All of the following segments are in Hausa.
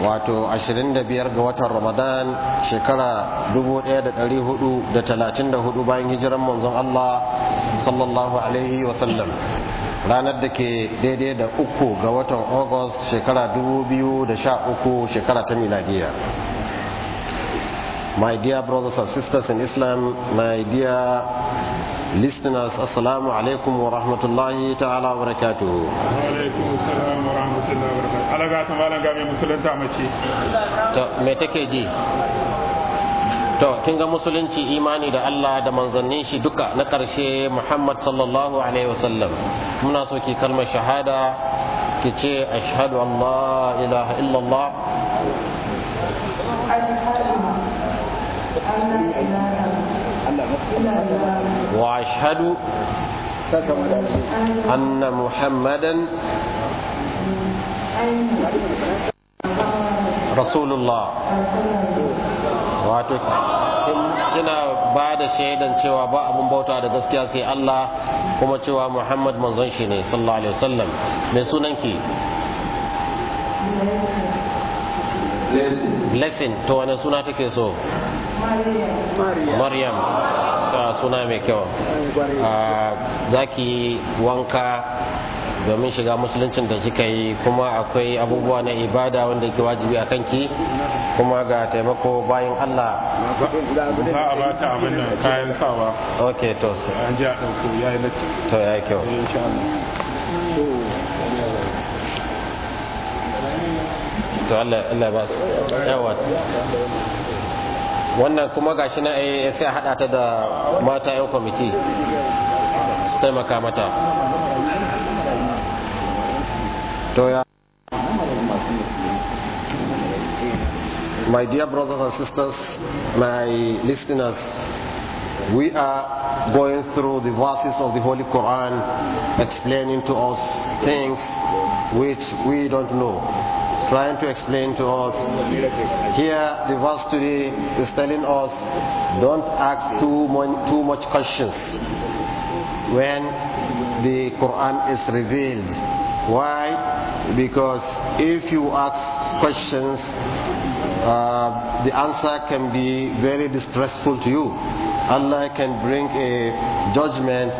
wato 25 ga watan ramadan shekara 1434 bayan hijiran manzon Allah sallallahu alaihi wasallam ranar da ke daidai da uku ga watan august shekara 2013 shekara ta miladiya my dear brothers and sisters in islam my dear listeners assalamu alaikum wa rahmatullahi ta'ala wa barakatuhu me take ji to kin ga musulunci imani da Allah da manzannin shi duka na karshe Muhammad sallallahu alaihi wasallam muna so ki kalmar shahada ki ce ashhadu an la ilaha illallah ashhadu anna ilaha illallah واشهد ان محمدا رسول الله wato ina ba da shaidan cewa ba abun bauta da gaskiya sai Allah kuma cewa Muhammad manzon shi ne sallallahu alaihi wasallam mai sunanki Blessing to wani suna take so Maryam ka suna mai kyau za ki wanka domin shiga musuluncin da kika yi kuma akwai abubuwa na ibada wanda yake wajibi a kanki kuma ga taimako bayan Allah za a bata abin da kayan sawa ok to an ji a ɗauko ya yi lati to ya yi kyau eh, to Allah ba su yawa wannan kuma na eh, sai a ta da kwamiti su taimaka mata my dear brothers and sisters my listeners we are going through the verses of the Holy Quran explaining to us things which we don't know trying to explain to us. Here, the verse today is telling us don't ask too, much, too much questions when the Quran is revealed. Why? Because if you ask questions, uh, the answer can be very distressful to you. Allah can bring a judgment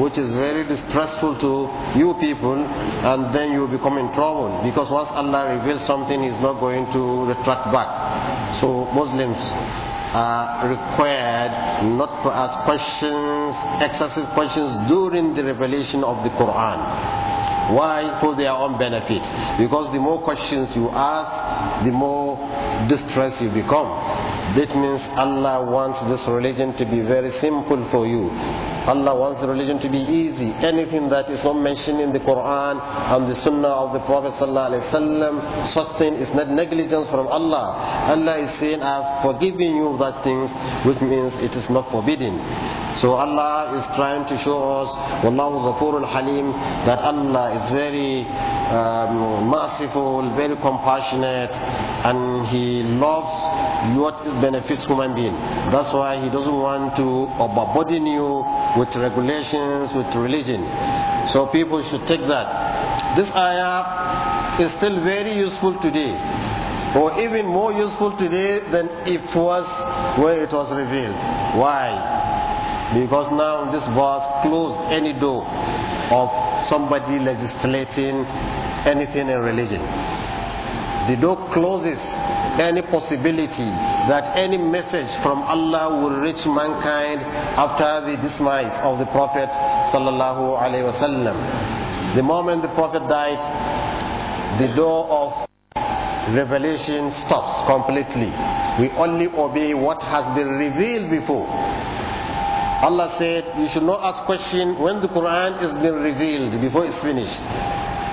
which is very distressful to you people and then you become in trouble because once Allah reveals something he's not going to retract back so Muslims are required not to ask questions excessive questions during the revelation of the Quran why? For their own benefit. Because the more questions you ask, the more distressed you become. That means Allah wants this religion to be very simple for you. Allah wants religion to be easy. Anything that is not mentioned in the Quran and the Sunnah of the Prophet ﷺ, such thing is not negligence from Allah. Allah is saying, I have forgiven you that things, which means it is not forbidden. So Allah is trying to show us, Wallahu Ghafurul Halim, that Allah is very um, merciful, very compassionate, and He loves what benefits human being. That's why He doesn't want to overburden you with regulations, with religion. So people should take that. This ayah is still very useful today, or even more useful today than it was when it was revealed. Why? Because now this verse closed any door of somebody legislating anything in religion. The door closes any possibility that any message from Allah will reach mankind after the demise of the Prophet sallallahu alaihi wasallam. The moment the Prophet died, the door of revelation stops completely. We only obey what has been revealed before. Allah said, You should not ask question when the Quran is being revealed before it's finished.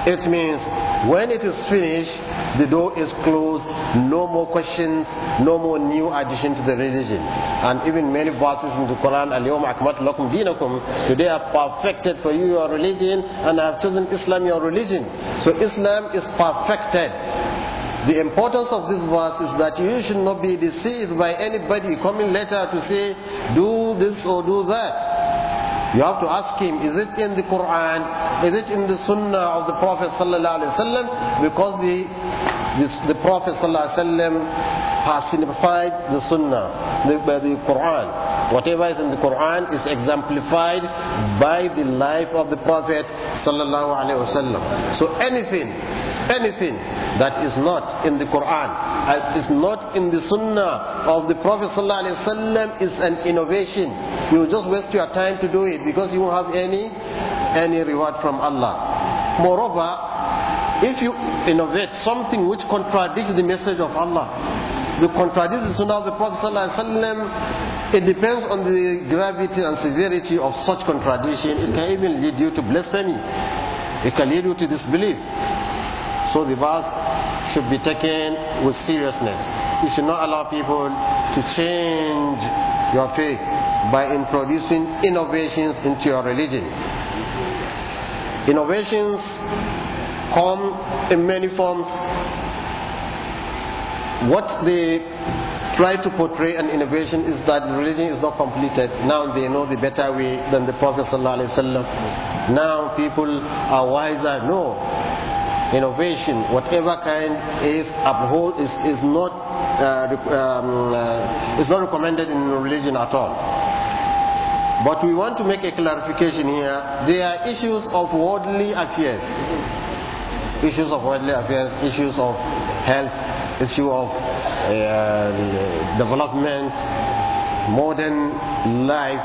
It means when it is finished, the door is closed, no more questions, no more new addition to the religion. And even many verses in the Quran, al today I've perfected for you your religion and I've chosen Islam your religion. So Islam is perfected. The importance of this verse is that you should not be deceived by anybody coming later to say, do this or do that. You have to ask him, is it in the Quran? Is it in the Sunnah of the Prophet ﷺ? Because the, this, the Prophet sallallahu alaihi wasallam personified the Sunnah, the, the Quran. Whatever is in the Quran is exemplified by the life of the Prophet sallallahu alaihi wasallam. So anything, anything that is not in the Quran, uh, is not in the Sunnah of the Prophet sallallahu alaihi wasallam is an innovation. You just waste your time to do it because you won't have any any reward from Allah. Moreover, if you innovate something which contradicts the message of Allah, you contradict the Sunnah of the Prophet ﷺ, it depends on the gravity and severity of such contradiction. It can even lead you to blasphemy. It can lead you to disbelief. So the verse should be taken with seriousness. You should not allow people to change your faith by introducing innovations into your religion. Innovations come in many forms what they try to portray an innovation is that religion is not completed. Now they know the better way than the Prophet ﷺ. Now people are wiser. No, innovation, whatever kind, is uphold is is not uh, um, uh, is not recommended in religion at all. But we want to make a clarification here. There are issues of worldly affairs, issues of worldly affairs, issues of health issue of uh, development, modern life,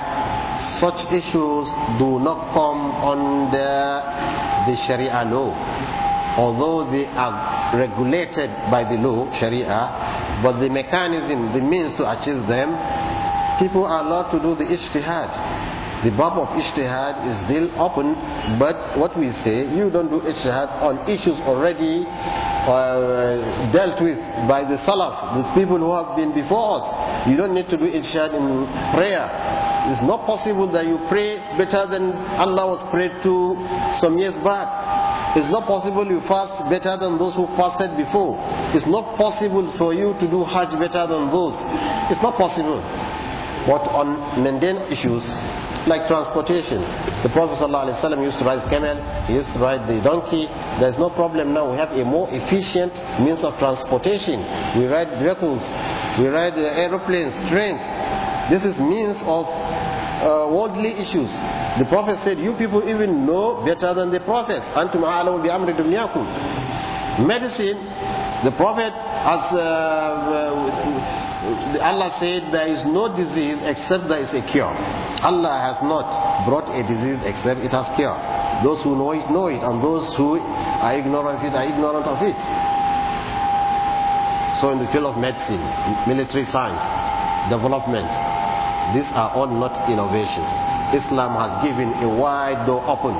such issues do not come under the Sharia law. Although they are regulated by the law, Sharia, but the mechanism, the means to achieve them, people are allowed to do the ijtihad the bab of ijtihad is still open, but what we say, you don't do ijtihad on issues already uh, dealt with by the salaf, these people who have been before us. You don't need to do ijtihad in prayer. It's not possible that you pray better than Allah was prayed to some years back. It's not possible you fast better than those who fasted before. It's not possible for you to do Hajj better than those. It's not possible. But on mundane issues, like transportation. The Prophet ﷺ used to ride camel, he used to ride the donkey. There's no problem now. We have a more efficient means of transportation. We ride vehicles, we ride uh, aeroplanes, trains. This is means of uh, worldly issues. The Prophet said, You people even know better than the prophets. Antum bi amri dunyakum. Medicine, the Prophet has uh, uh Allah said there is no disease except there is a cure. Allah has not brought a disease except it has cure. Those who know it know it, and those who are ignorant of it are ignorant of it. So, in the field of medicine, military science, development, these are all not innovations. Islam has given a wide door open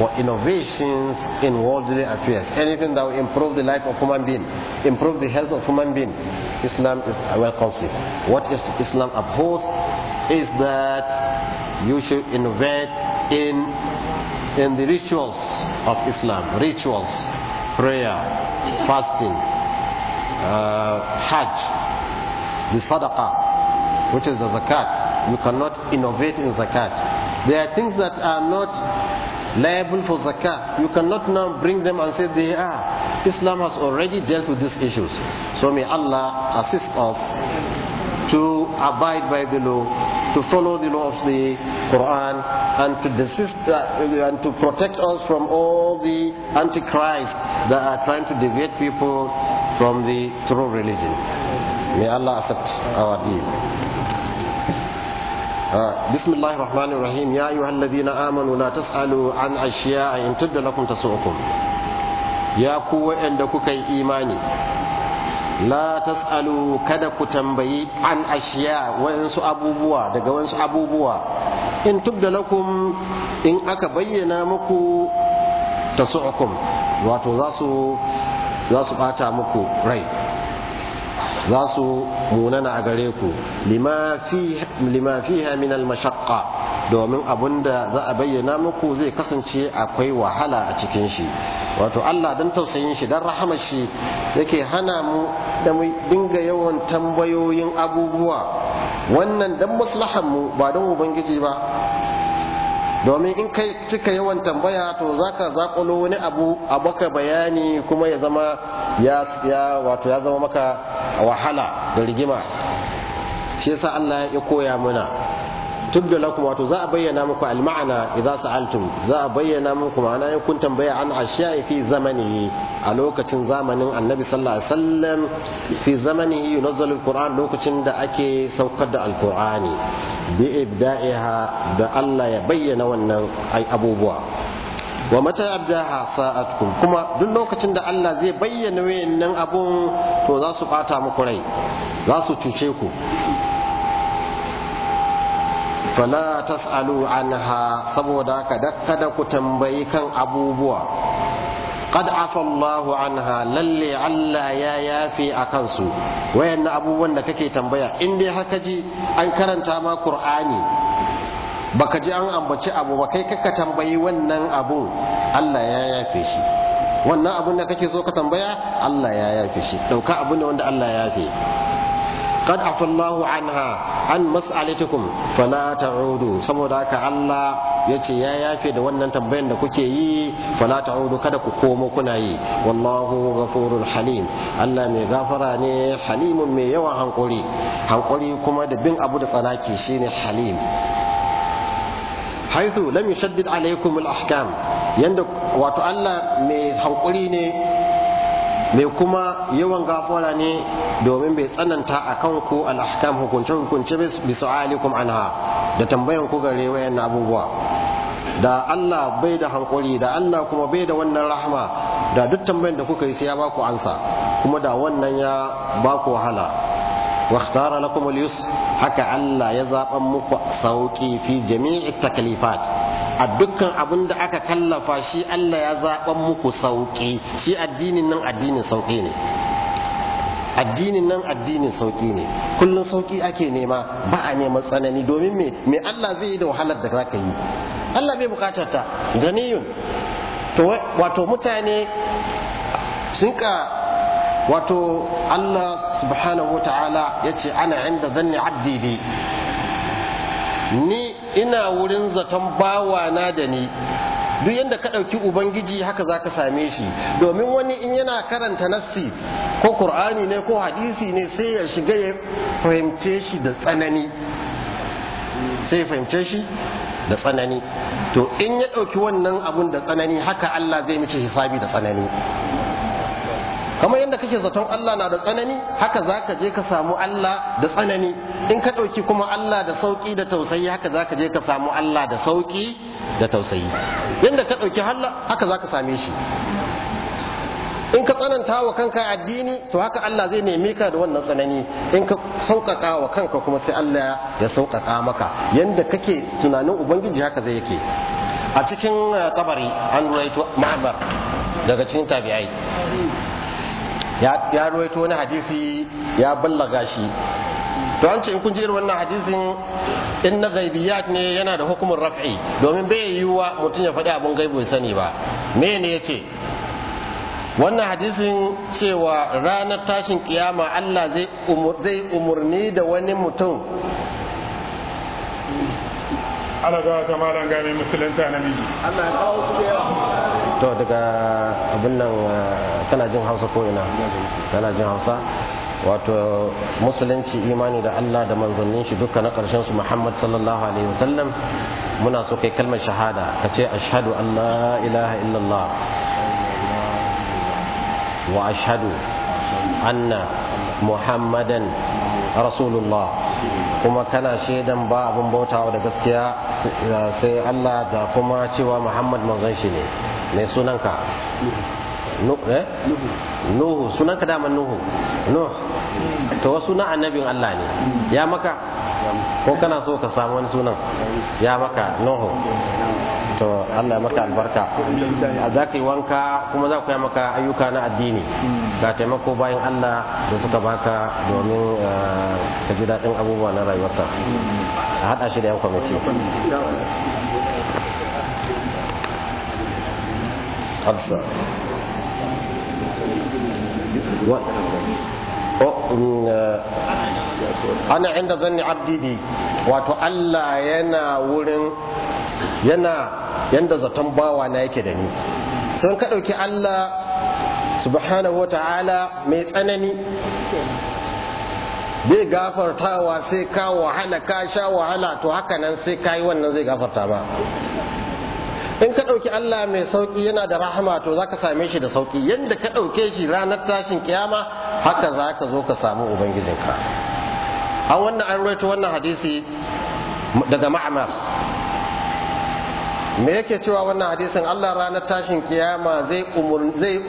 for innovations in worldly affairs. Anything that will improve the life of human being, improve the health of human being, Islam is, welcomes it. What is, Islam abhors is that you should innovate in, in the rituals of Islam. Rituals, prayer, fasting, uh, hajj, the sadaqah, which is the zakat. You cannot innovate in zakat. There are things that are not liable for zakah. You cannot now bring them and say they are. Islam has already dealt with these issues. So may Allah assist us to abide by the law, to follow the law of the Quran, and to desist uh, and to protect us from all the antichrist that are trying to deviate people from the true religion. May Allah accept our deed. بسم الله الرحمن الرحيم يا أيها الذين آمنوا لا تسألوا عن أشياء إن تبد لكم تسؤكم يا قوة عندك كي إيماني لا تسألوا كذا كتنبي عن أشياء وإنس بوا دقا وإنس بوا إن تبد لكم إن أكبينا مكو تسؤكم واتو ذاسو ذاسو آتا مكو رأي za su munana a gare ku lima fiha min al-mashaqqa domin da za a bayyana muku zai kasance akwai wahala a cikin shi wato Allah don tausayin shi don rahamar shi yake hana mu da mu dinga yawan tambayoyin abubuwa wannan dan maslahar mu ba don ubangiji ba domin in kai cika yawan tambaya to zaka zakulo wani abu a baka bayani kuma ya zama ya wato ya zama maka wahala da rigima shi yasa Allah ya koya mana tubda lakum wato za a bayyana muku al-ma'ana idza sa'altum za a bayyana muku ma'ana in kun tambaya an ashiya fi zamanihi a lokacin zamanin annabi sallallahu alaihi wasallam fi zamanihi yunazzalu al-qur'an lokacin da ake saukar da al-qur'ani bi ibda'iha da Allah ya bayyana wannan ay abubuwa wa mata abdaha sa'atkum kuma duk lokacin da Allah zai bayyana wayannan abun to za su bata muku rai za su cuce ku fala tas'alu anha saboda dakka kada ku tambayi kan abubuwa qad afa Allah anha lalle Allah ya yafi a kansu wayannan abubuwan da kake tambaya in dai haka ji an karanta ma Qur'ani baka ji an ambaci abu ba kai kaka tambayi wannan abun Allah ya yafe shi wannan abun da kake so ka tambaya Allah ya yafe shi dauka abu ne wanda Allah ya yafe qad afallahu anha an mas'alatukum fala ta'udu saboda haka Allah ya ce ya yafe da wannan tambayan da kuke yi fala ta'udu kada ku komo kuna yi wallahu ghafurul halim Allah mai gafara ne halimun mai yawan hankuri hankuri kuma da bin abu da tsanaki shine halim haithu lam yushaddid alaykum al-ahkam yanda wato Allah mai hankuri ne mai kuma yawan gafara ne domin bai tsananta akan ku al-ahkam hukunce hukunce bi su'alikum anha da tambayan ku gare wayan abubuwa da Allah bai da hankuri da Allah kuma bai da wannan rahama da duk tambayan da kuka yi sai ya baku ansa kuma da wannan ya baku wahala واختار لكم اليسر haka Allah ya أمك muku في fi التكليفات أدك a dukkan كلفا da aka kallafa shi Allah ya الدين muku الدين shi addinin nan addinin sauki ne addinin nan kullum sauƙi ake nema ba a neman tsanani domin me me Allah zai yi da wahalar da za ka yi Allah bai bukatar ta ganiyun to wato mutane sun ka wato Allah subhanahu wa ta'ala ya ce ana inda zanni abdi bi ni ina wurin zaton bawa na da ni duk yadda ka ɗauki ubangiji haka za ka same shi domin wani in yana karanta nassi ko ƙur'ani ne ko hadisi ne sai ya shiga ya fahimce shi da tsanani sai ya fahimce shi da tsanani to in ya ɗauki wannan abun da tsanani haka Allah zai mishi hisabi da tsanani kamar yadda kake zaton Allah na da tsanani haka zaka je ka samu Allah da tsanani in ka ɗauki kuma Allah da sauƙi da tausayi haka zaka je ka samu Allah da sauƙi da tausayi yadda ka ɗauki Allah haka zaka same shi in ka tsananta wa kanka addini to haka Allah zai neme ka da wannan tsanani in ka sauƙaƙa wa kanka kuma sai Allah ya sauƙaƙa maka yadda kake tunanin ubangiji haka zai yake a cikin eh, tabari an ruwaito ma'amar daga cikin tabi'ai ya ruwaito wani hadisi ya ballaga shi to an ce in kun jiyar wannan hadisin in na gaibiyat ne yana da hukumin raf'i domin bai yiwuwa mutum ya faɗi abin gaibu ya sani ba me ne ya ce wannan hadisin cewa ranar tashin kiyama Allah zai umarni da wani mutum ana ga ta malam gami musulunta na namiji Allah ya kawo su da yawa to daga abin nan kana eh, jin hausa ko ina kana jin hausa wato musulunci imani da Allah da manzannin shi duka na karshen su Muhammad sallallahu alaihi wasallam muna so kai kalmar shahada ka ce ashhadu an la ilaha illallah wa ashhadu anna muhammadan rasulullah kuma kana shaidan ba abin bautawa da gaskiya sai eh, Allah da kuma cewa Muhammad manzon shi ne mai sunanka eh? nuhu sunanka dama nuhu to wasu na annabin Allah ne ya maka ko kana so ka samu wani sunan ya maka nuhu to Allah ya maka albarka za ka yi wanka kuma za ku yi maka ayyuka na addini ga taimako bayan Allah da suka baka domin eh, ka ji daɗin abubuwa na rayuwarka a haɗa shi da yan kwamiti hafsa oh, mm, uh, ana inda zanni abdi bi wato Allah yana wurin yana yanda zaton bawa na yake da ni sun ka ɗauki Allah subhanahu ta'ala mai tsanani bai gafartawa sai ka wahala ka sha wahala to haka nan sai ka yi wannan zai gafarta ba in ka ɗauki Allah mai sauƙi yana da rahama to za ka same shi da sauƙi yadda ka ɗauke shi ranar tashin kiyama haka za ka zo ka samu ubangijinka a wannan an rawaito wannan hadisi daga ma'amar me yake cewa wannan hadisin Allah ranar tashin kiyama zai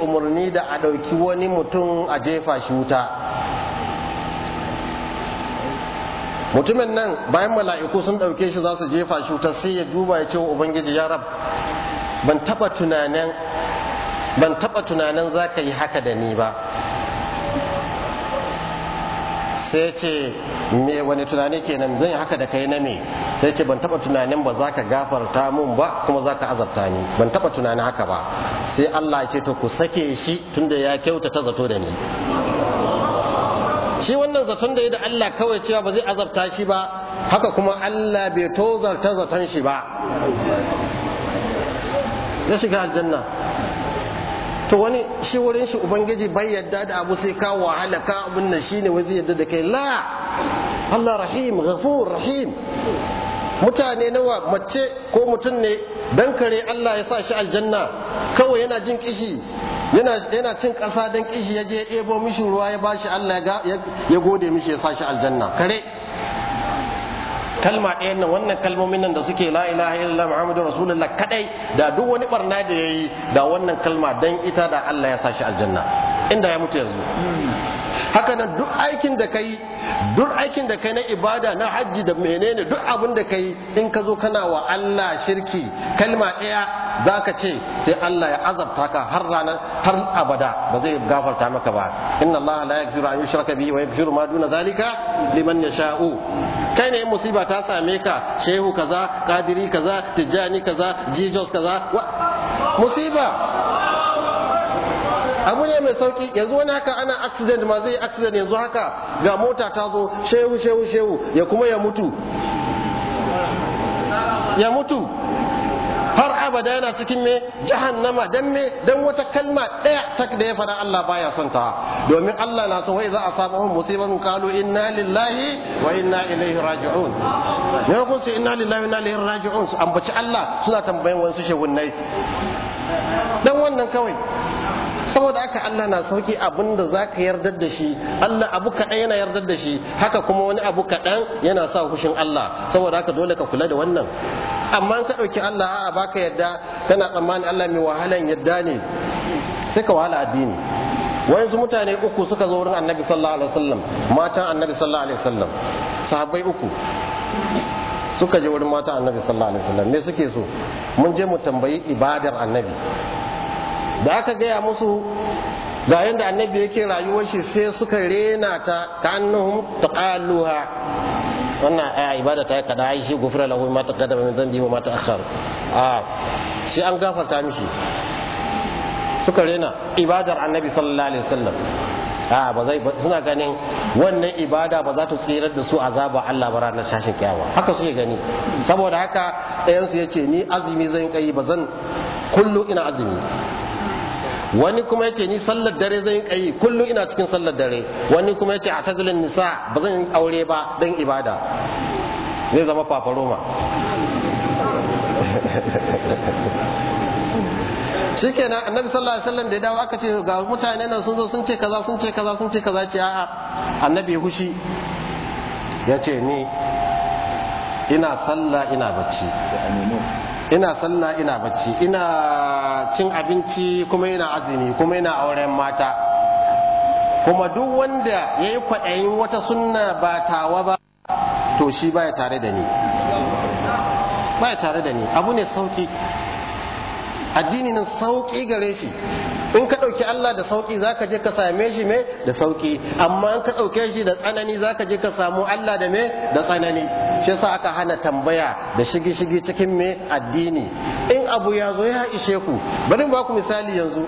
umarni da a ɗauki wani mutum a jefa shi wuta mutumin nan bayan mala'iku sun ɗauke shi za su jefa shi sai ya duba ya ce wa ubangiji ya rab ban taɓa tunanin za ka yi haka da ni ba sai ce me wani tunani kenan zan yi haka da kai na me sai ce ban taba tunanin ba za ka gafarta mun ba kuma za ka azabta ni ban taba tunanin haka ba sai Allah ya ce to ku sake shi tunda ya kyautata zato da ni shi wannan zaton da ya da Allah kawai cewa ba zai azabta shi ba haka kuma Allah bai tozarta zaton shi ba ya shiga aljanna to wani shi wurin shi ubangiji bai yadda da abu sai ka wahala ka abin nan shine wai zai yadda da kai la Allah rahim ghafur rahim mutane nawa mace ko mutum ne dan kare Allah ya sa shi aljanna kawai yana jin kishi yana cin ƙasa don kishi ya je ya ɗebo mishi ruwa ya bashi Allah ya gode mishi ya sa shi aljanna kare kalma ɗaya nan wannan kalmomin nan da suke la ilaha illallah muhammadur rasulullah kadai da duk wani barna da yayi da wannan kalma dan ita da Allah ya sa shi aljanna inda ya mutu yanzu haka nan duk aikin da kai duk aikin da kai na ibada na hajji da menene duk abin da kai in ka zo kana wa Allah shirki kalma ɗaya za ka ce sai Allah ya azabta ka har ranar har abada ba zai gafarta maka ba inna Allah la yaghfiru an yushraka bihi wa yaghfiru ma duna zalika liman yasha'u kai ne musiba ta same ka shehu kaza kadiri kaza tijjani kaza jesus kaza musiba abu ne mai sauki yanzu wani haka ana accident ma zai accident yanzu haka ga mota ta zo shehu shehu shehu ya kuma ya mutu ya mutu har abada yana cikin me jahannama dan me dan wata kalma daya ta da ya fada Allah baya son ta domin Allah na so wai za a samu mun qalu inna lillahi wa inna ilaihi raji'un ne ku ce inna lillahi wa inna ilaihi raji'un su ambaci Allah suna tambayan wasu shegunnai dan wannan kawai saboda haka Allah na sauki abin da za ka yardar da shi Allah abu kaɗan yana yardar da shi haka kuma wani abu kaɗan yana sa hushin Allah saboda haka dole ka kula da wannan amma ka ɗauki Allah a baka yadda kana tsammani Allah mai wahalan yadda ne sai ka wahala addini wayansu mutane uku suka zo wurin annabi sallallahu alaihi wasallam matan annabi sallallahu alaihi wasallam sahabbai uku suka je wurin matan annabi sallallahu alaihi wasallam me suke so mun je mu tambayi ibadar annabi da aka gaya musu ga yadda annabi yake rayuwar shi sai suka rena ta ta ta taqaluha wannan aya ibada ta kada ai shi gufra lahu ma kada min zambi ma ta akhar a shi an gafarta mishi suka rena ibadar annabi sallallahu alaihi wasallam a ba zai suna ganin wannan ibada ba za ta tsirar da su azaba Allah ba ranar shashin kiyawa haka suke gani saboda haka ɗayan su yace ni azumi zan kai ba zan kullu ina azumi wani kuma yace ni sallar dare zan yi kai kullum ina cikin sallar dare wani kuma yace atazilun nisa ba zan yi aure ba dan ibada zai zama fafaroma shikenan annabi sallallahu alaihi wasallam da ya dawo aka ce ga mutane nan sun zo sun ce kaza sun ce kaza sun ce kaza ce a'a annabi hushi ya ce ni ina sallah ina bacci ina sallah ina bacci ina cin abinci kuma ina azumi kuma ina auren mata kuma duk wanda ya yi kwaɗayin wata sunna ba tawa ba to shi baya tare da ni baya tare da ni abu ne sauki addini na sauki gare shi in ka ɗauki Allah da sauki za ka je ka same shi me da sauki? amma in ka ɗauke shi da tsanani za ka je ka samu Allah da me da tsanani shi yasa aka hana tambaya da shigi shigi cikin me addini in abu ya zo ya ishe ku bari ba ku misali yanzu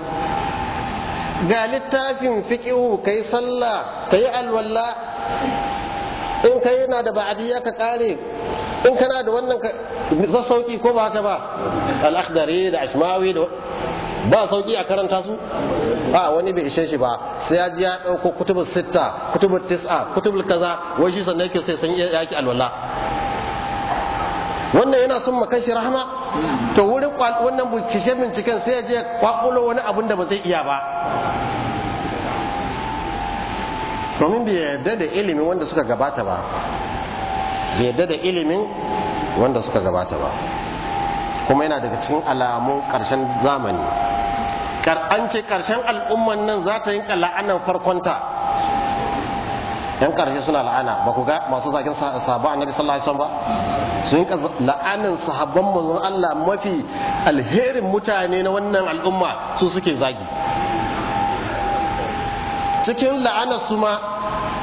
ga littafin fiqihu kai sallah kai alwala in kai yana da ba'adiyya ka kare in kana da wannan sassauki ko ba haka ba al da ashmawi da ba sauki a karanta su Ba wani bai ishe shi ba sai ya ji ya dauko kutubul sitta kutubul tis'a kutubul kaza wai shi sannan yake sai san yaki alwala wannan yana son makan shi rahama to wurin wannan bukishe binciken sai ya je kwakulo wani abun da ba zai iya ba domin bai yarda da ilimin wanda suka gabata ba yadda da ilimin wanda suka gabata ba kuma yana daga cikin alamun karshen zamani an ce ƙarshen al'umman nan za ta yi la'anan farkonta yan karshe suna la'ana ba ku ga masu zagin sahabba annabi sallallahu alaihi wasallam ba sun yi la'anin sahabban manzon Allah mafi alherin mutane na wannan al'umma su suke zagi cikin la'anar su ma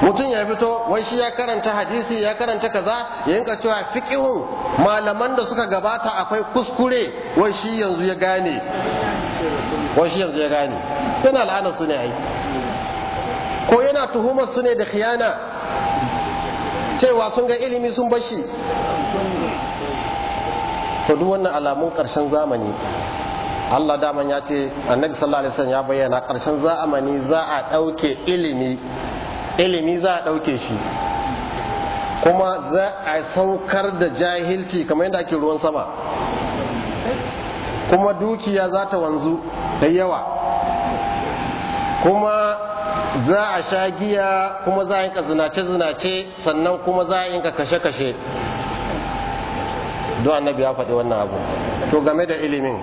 mutum ya fito wai shi ya karanta hadisi ya karanta kaza ya yinka cewa fiqihun malaman da suka gabata akwai kuskure wai shi yanzu ya gane wai shi yanzu ya gane yana la'anar su ne ai ko yana tuhumar su ne da khiyana cewa sun ga ilimi sun bashi to duk wannan alamun karshen zamani Allah daman ya ce annabi sallallahu alaihi wasallam ya bayyana karshen zamani za a ɗauke ilimi ilimi za a ɗauke shi kuma za a saukar da jahilci kamar yadda ake ruwan sama kuma dukiya za ta wanzu da yawa kuma za a sha giya kuma za a yinka zinace-zinace sannan kuma za a yinka kashe-kashe don annabi ya faɗi wannan abu to game da ilimin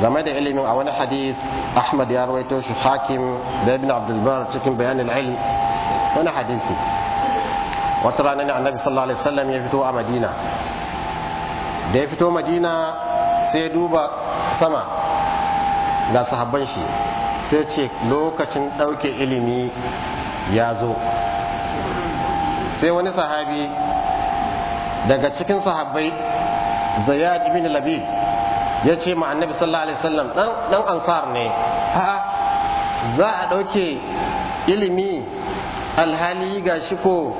game da ilimin a wani hadith ahmad ya rawaito shi hakim da ibn abdulbar cikin bayanin ilm wani hadisi wata rana ne annabi sallallahu alaihi wasallam ya fito a madina da ya fito madina sai duba sama ga sahabban shi sai ce lokacin ɗauke ilimi ya zo sai wani sahabi daga cikin sahabbai zayyad bin labid ya ce ma annabi sallallahu alaihi wasallam dan ansar ne ha za a ɗauke ilimi alhali ga shi ko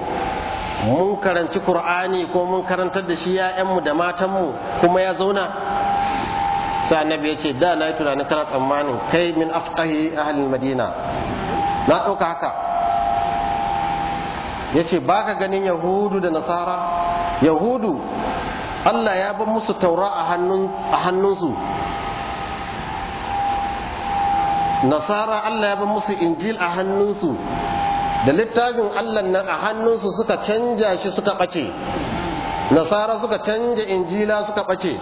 mun karanci qur'ani ko mun karantar da shi ya'yanmu da matanmu kuma ya zauna sai annabi ya ce da na yi tunanin kana tsammanin kai min afqahi ahlul madina na ɗauka haka ya ce ba ka ganin yahudu da nasara yahudu Allah ya ban musu taura a hannunsu nasara Allah ya ban musu injil a hannunsu da littafin Allah nan a hannunsu suka canja shi suka ɓace nasara suka canja injila suka ɓace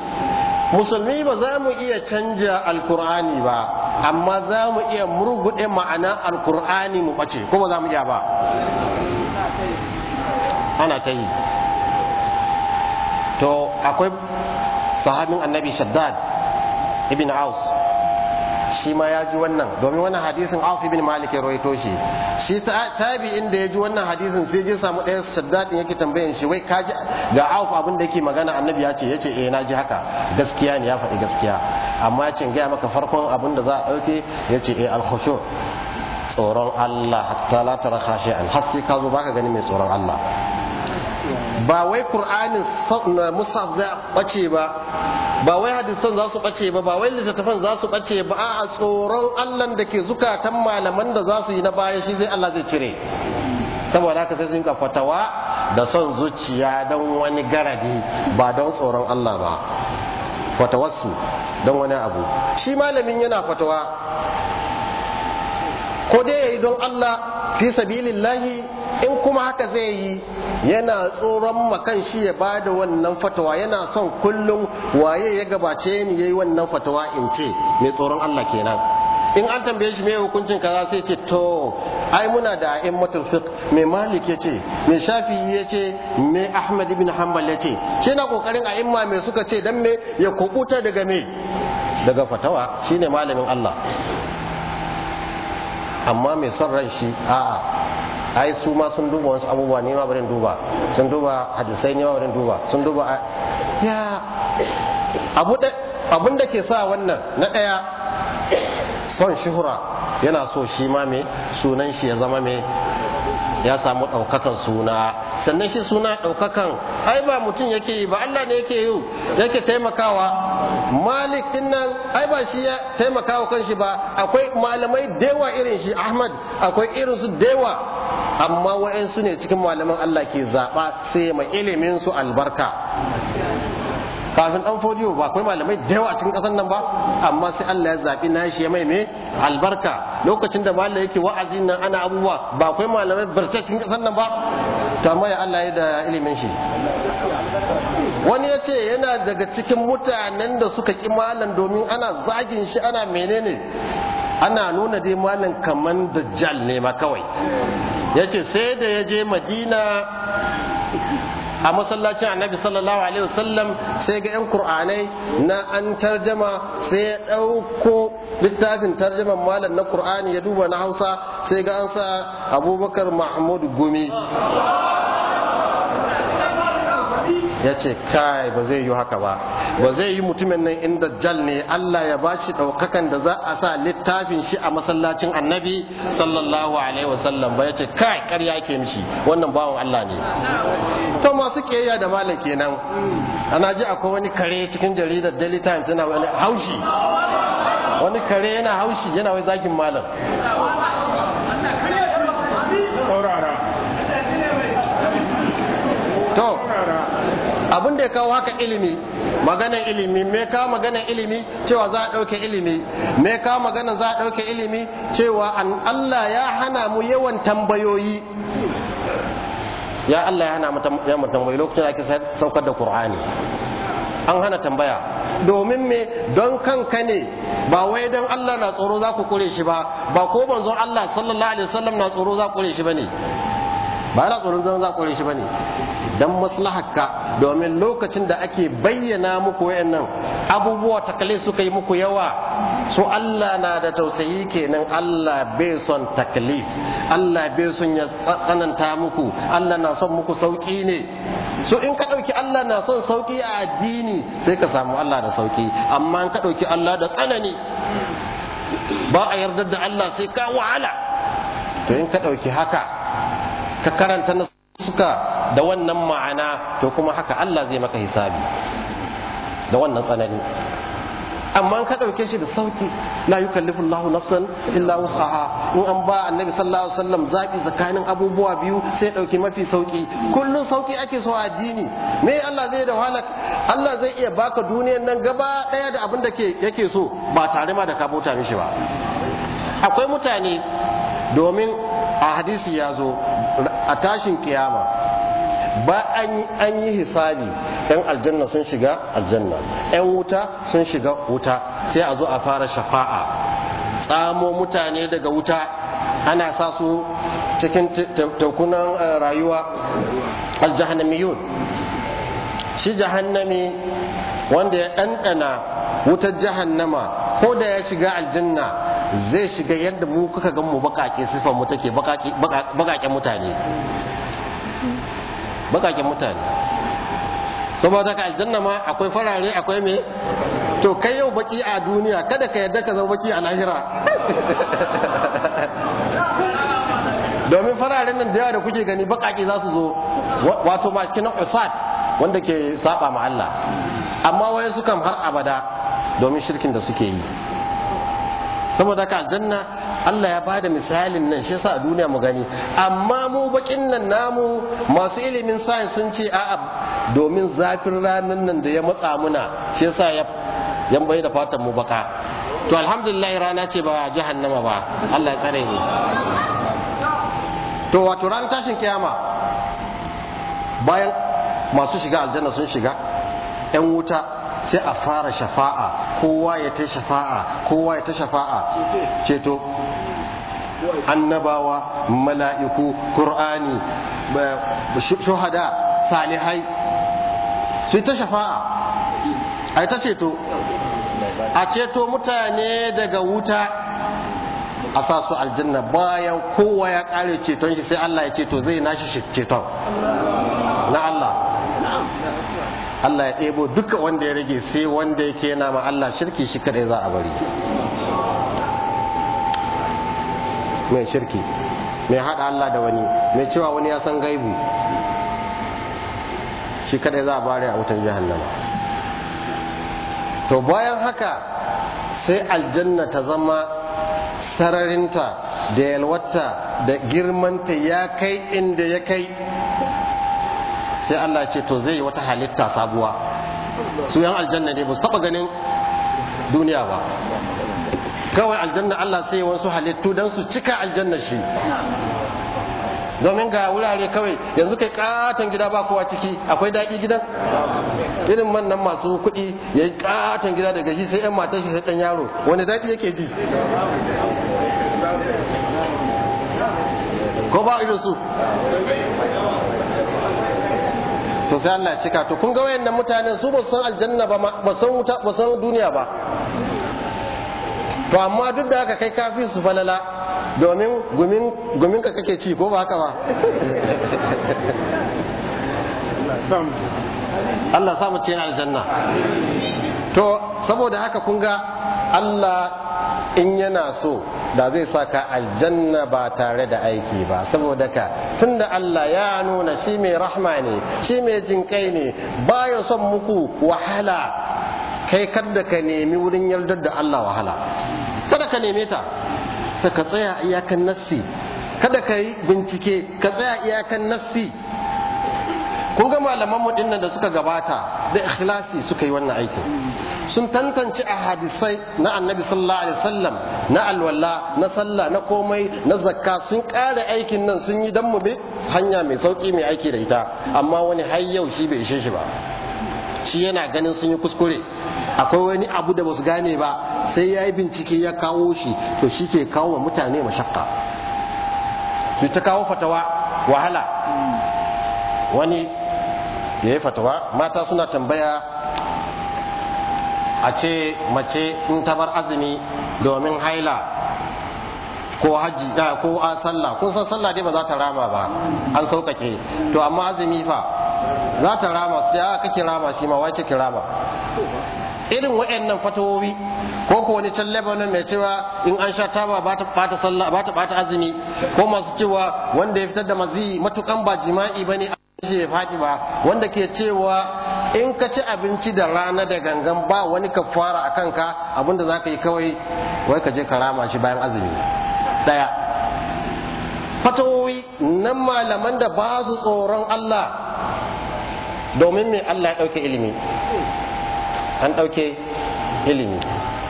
musulmi ba za mu iya canja alkur'ani ba amma za mu iya murguɗe ma'ana alkur'ani mu ɓace kuma za mu iya ba ana ta yi to akwai sahabin annabi shaddad ibn aus shi ma ya ji wannan domin wannan hadisin auf ibn malik ya rawaito shi shi in da ya ji wannan hadisin sai je samu ɗaya shaddad yake tambayan shi wai ka ga auf abin da yake magana annabi ya ce yace eh na ji haka gaskiya ne ya faɗi gaskiya amma ya cin gaya maka farkon abin da za a ɗauke yace eh al tsoron Allah hatta la tara khashi'an har sai ka zo baka gani mai tsoron Allah ba wai qur'anin musaf zai bace ba ba wai hadisan za su bace ba ba wai littattafan za su bace ba a tsoron Allah da ke zukatan malaman da za su yi na baya shi zai Allah zai cire saboda haka sai sun ka fatawa da son zuciya don wani garadi ba don tsoron Allah ba fatawarsu don wani abu shi malamin yana fatawa ko dai yayi don Allah fi sabilillahi in kuma haka zai yi yana tsoron makan shi ya ba da wannan fatawa yana son kullum waye ya gabace ni yayi wannan fatawa in ce mai tsoron Allah kenan in an tambaye shi mai hukuncin kaza sai ce to ai muna da a'immatul fiqh mai malik yace mai shafi'i yace mai ahmad ibn hanbal yace shi na kokarin a'imma mai suka ce dan me ya kubuta daga me daga fatawa shine malamin Allah amma mai son ran shi a'a ai su ma sun duba wasu abubuwa ne ma barin duba sun duba hadisai ne ma barin duba sun duba ya abun da ke sa wannan na ɗaya son shuhura yana so shi ma mai sunan shi ya zama mai ya samu ɗaukakan suna sannan shi suna ɗaukakan ai ba mutum yake yi ba Allah ne yake yi yake taimakawa malik din nan ai ba shi ya taimakawa kanshi ba akwai malamai dewa irin shi ahmad akwai irin su dewa amma wa'ansu ne cikin malaman Allah ke zaɓa sai mai ilimin su albarka kafin dan fodiyo ba akwai malamai da yawa cikin kasan nan ba amma sai Allah ya zabi nashi ya mai me albarka lokacin da malamai yake wa'azi nan ana abubuwa ba akwai malamai barce cikin kasan nan ba to amma ya Allah ya da ilimin shi wani ya ce yana daga cikin mutanen da suka ki malam domin ana zagin shi ana menene ana nuna dai malam kaman dajjal ne ma kawai ya ce sai da ya je madina a masallacin annabi sallallahu alaihi wasallam sai ga 'yan kur'anai na an tarjama sai ya ɗauko littafin tarjaman malam na kur'ani ya duba na hausa sai ga an sa abubakar mahmud gumi ya ce kai ba zai yi haka ba ba zai yi mutumin nan in dajjal ne Allah ya ba shi ɗaukakan da za a sa littafin shi a masallacin annabi sallallahu alaihi wasallam ba ya ce kai ƙarya ke mishi wannan bawan Allah ne to masu kiyayya da malam kenan ana ji akwai wani kare cikin jaridar Daily Times yana wani haushi wani kare yana haushi yana wai zagin malam to abin da ya kawo haka ilimi maganan ilimi me ka maganan ilimi cewa za a ɗauke ilimi me ka maganan za a ɗauke ilimi cewa an Allah ya hana mu yawan tambayoyi ya Allah ya hana mu yawan tambayoyi lokacin da ake saukar da Qur'ani an hana tambaya domin me don kanka ne ba wai don Allah na tsoro za ku kure shi ba ba ko banzon Allah sallallahu alaihi wasallam na tsoro za ku kure shi bane ba yana tsoron zan za kore shi ba ne dan maslahakka domin lokacin da ake bayyana muku 'yan nan, abubuwa kale suka yi muku yawa su Allah na da tausayi kenan Allah bai son taklif Allah bai son ya tsananta muku Allah na son muku sauki ne so in ka ɗauki Allah na son sauki a addini sai ka samu Allah da sauki amma in ka ɗauki Allah da tsanani ba a yarda da Allah sai ka wahala to in ka ɗauki haka ka karanta na suka da wannan ma'ana to kuma haka Allah zai maka hisabi da wannan tsanani amma ka ɗauke shi da sauki la yukallifu Allahu nafsan illa wus'aha in an ba annabi sallallahu alaihi wasallam zabi tsakanin abubuwa biyu sai ɗauki mafi sauki Kullum sauki ake so a addini me Allah zai da wahala Allah zai iya baka duniyar nan gaba ɗaya da abin da ke yake so ba tare ma da ka bauta mishi ba akwai mutane domin a hadisi ya zo a tashin kiyama ba an yi hisabi yan aljanna sun shiga aljanna yan wuta sun shiga wuta sai a zo a fara shafa'a tsamo mutane daga wuta ana sa su cikin taukunan eh, rayuwa aljahannamiyun shi jahannami wanda ya ɗanɗana wutar jahannama ko da ya shiga aljanna zai shiga yadda mu kuka gan mu bakake sifan mu take bakaken mutane bakaken mutane saboda ka aljanna ma akwai farare akwai me to kai yau baki a duniya kada ka yarda ka zama baki a lahira domin fararen nan da yawa da kuke gani bakake za su zo wato ma kina usat wanda ke saba ma Allah amma wayan su kam har abada domin shirkin da suke yi saboda ka aljanna Allah ya bada misalin nan shi yasa a duniya mu gani amma mu bakin nan namu masu ilimin science sun ce a'a domin zafin ranan nan da ya matsa muna shi yasa ya yan bai da fatan mu baka to alhamdulillah rana ce ba jahannama ba Allah ya tsare ni to wato ran tashin kiyama bayan masu shiga aljanna sun shiga yan wuta sai a fara shafa'a kowa ya ta shafa'a kowa ya ta shafa'a ceto annabawa mala'iku qur'ani shuhada salihai sai ta shafa'a ai ta ceto a ceto mutane daga wuta a sa su aljanna bayan kowa ya kare ceton shi sai Allah ya ceto zai nashi ceton na Allah Allah ya ɗebo duka wanda ya rage sai wanda ya yana nama Allah shirki shi kadai za a bari mai shirki mai haɗa Allah da wani mai cewa wani ya san gaibu shi kadai za a bari a wutar nama. to bayan haka sai aljanna ta zama sararinta da yalwata da girmanta ya kai inda ya kai sai Allah ce to zai yi wata halitta sabuwa su yan aljanna ne ba su taba ganin duniya ba kawai aljanna Allah sai wasu halittu don su cika aljanna shi domin ga wurare kawai yanzu kai katon gida ba kowa ciki akwai daɗi gidan irin mannan masu kuɗi ya yi katon gida daga shi sai 'yan matan shi sai ɗan yaro wani daɗi yake ji ko ba irin su to sai Allah cika to kun ga wayannan mutanen su ba san aljanna ba ba san wuta ba san duniya ba to amma duk da haka kai kafi su falala domin gumin gumin ka kake ci ko ba haka ba Allah samu mu cikin aljanna to saboda haka kun ga Allah in yana so da zai sa ka aljanna ba tare da aiki ba saboda ka tunda Allah ya nuna shi mai rahma ne shi mai jinkai ne baya son muku wahala kai kada ka nemi wurin yardar da Allah wahala kada ka neme ta ka tsaya iyakan nassi kada ka yi bincike ka tsaya iyakan nassi kun ga malaman mu da suka gabata da ikhlasi suka yi wannan aikin sun tantance a hadisai na annabi sallallahu alaihi wasallam na alwala na sallah na komai na zakka sun ƙara aikin nan sun yi dan mu bi hanya mai sauki mai aiki da ita amma wani har yau shi bai ishe shi ba shi yana ganin sun yi kuskure akwai wani abu da basu gane ba sai ya yi bincike ya kawo shi to shi ke kawo wa mutane mashakka su ta kawo fatawa wahala wani ya yi mata suna tambaya a ce mace in ta bar azumi domin haila ko haji da ah, ko a ah, sallah kun san sallah dai ba za ta rama ba an sauƙaƙe to amma azumi fa za ta rama sai ah, ya kake rama shi ma wace ki rama irin waɗannan fatawowi ko ko wani can Lebanon mai cewa in an sha taba ba ta bata ba ta azumi ko masu cewa wanda ya fitar da mazi matukan ba jima'i bane ce Fatima wanda ke cewa in ka ci abinci da rana da gangan ba wani ka fara a kanka abinda za ka yi kawai wai ka je ka rama shi bayan azumi daya fatawowi nan malaman da ba su tsoron Allah domin mai Allah ya ɗauke ilimi an ɗauke ilimi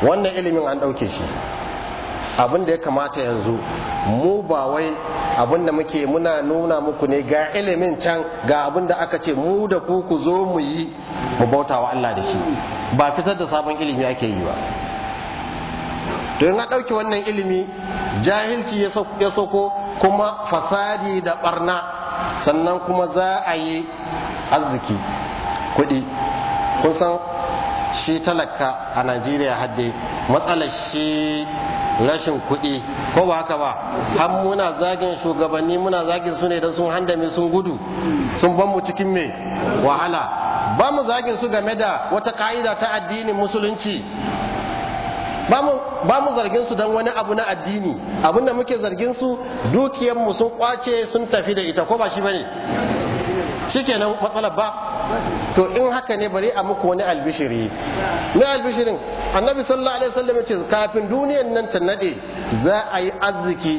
wannan ilimin an ɗauke shi abin da ya kamata yanzu mu ba wai abin da muke muna nuna muku ne ga ilimin can ga abin da aka ce mu da ku ku zo mu yi mu bauta wa Allah da shi ba fitar da sabon ilimi ake yi ba to in a ɗauki wannan ilimi jahilci ya sako kuma fasadi da barna sannan kuma za a yi arziki kuɗi kun san shi talaka a najeriya hadde matsalar shi rashin kuɗi ko ba haka ba har muna zagin shugabanni muna zagin su ne da sun handame sun gudu sun ban mu cikin me wahala ba mu zagin su game da wata ka'ida ta addinin musulunci ba mu zargin su don wani abu na addini abinda muke zargin su dukiyar mu sun kwace sun tafi da ita ko ba shi bane shikenan matsalar ba to in haka ne bari a muku wani albishiri na albishirin annabi sallallahu alaihi wasallam ce kafin duniyar nan ta nade za a yi arziki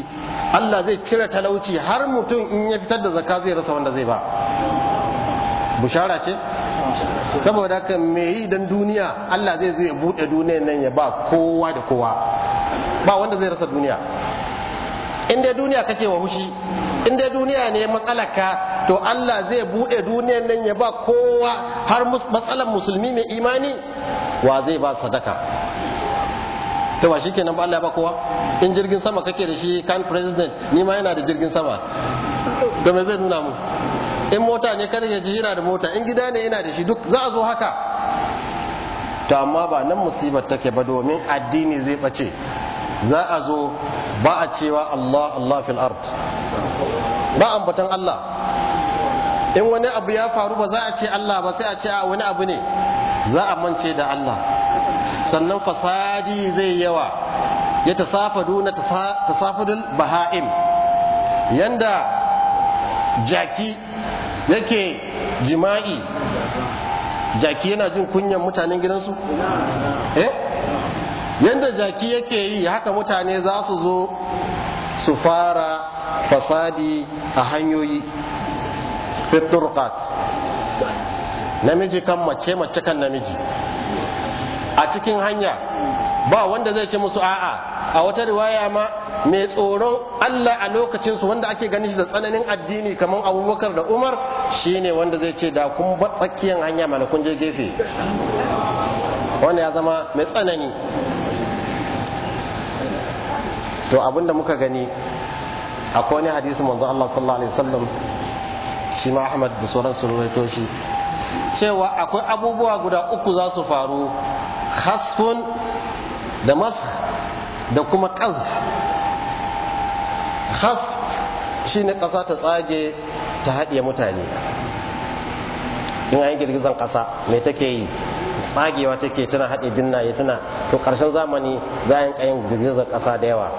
Allah zai cire talauci har mutum in ya fitar da zakka zai rasa wanda zai ba bushara ce saboda haka me yi dan duniya Allah zai zo ya bude duniyan nan ya ba kowa da kowa ba wanda zai rasa duniya in dai duniya kake wa hushi in dai duniya ne matsalarka to Allah zai buɗe duniyar nan ya ba kowa har matsalar musulmi mai imani wa zai ba sadaka to ba kenan ba Allah ya ba kowa in jirgin sama kake da shi kan president ni ma yana da jirgin sama to me zai nuna mu in mota ne kar ya ji yana da mota in gida ne yana da shi duk za a zo haka to amma ba nan musibar take ba domin addini zai bace za a zo ba a cewa Allah Allah fil ard ba ambatan Allah in wani abu ya faru ba za a ce Allah ba sai a ce wani abu ne za a mance da Allah sannan fasadi zai yawa ya tasafadu na tasafadun baha'im yanda jaki yake jima'i jaki yana jin kunyan mutanen gidansu eh yanda jaki yake yi haka mutane za su zo su fara fasadi a hanyoyi fi namiji kan mace mace kan namiji a cikin hanya ba wanda zai ce musu a'a a wata riwaya ma mai tsoron Allah a lokacinsu wanda ake ganin shi da tsananin addini kamar Abubakar da Umar shine wanda zai ce da kun ba tsakiyar hanya mana kun je gefe wanda ya zama mai tsanani to abinda muka gani akwai wani hadisi manzo Allah sallallahu alaihi wasallam shi ma Ahmad da sauran su rawaito shi cewa akwai abubuwa guda uku za su faru hasfun da mas da kuma has shi shine ƙasa ta tsage ta haɗiye mutane in an girgizan ƙasa me take yi tsagewa take tana haɗe binnaye tana to ƙarshen zamani za a yin girgizan ƙasa da yawa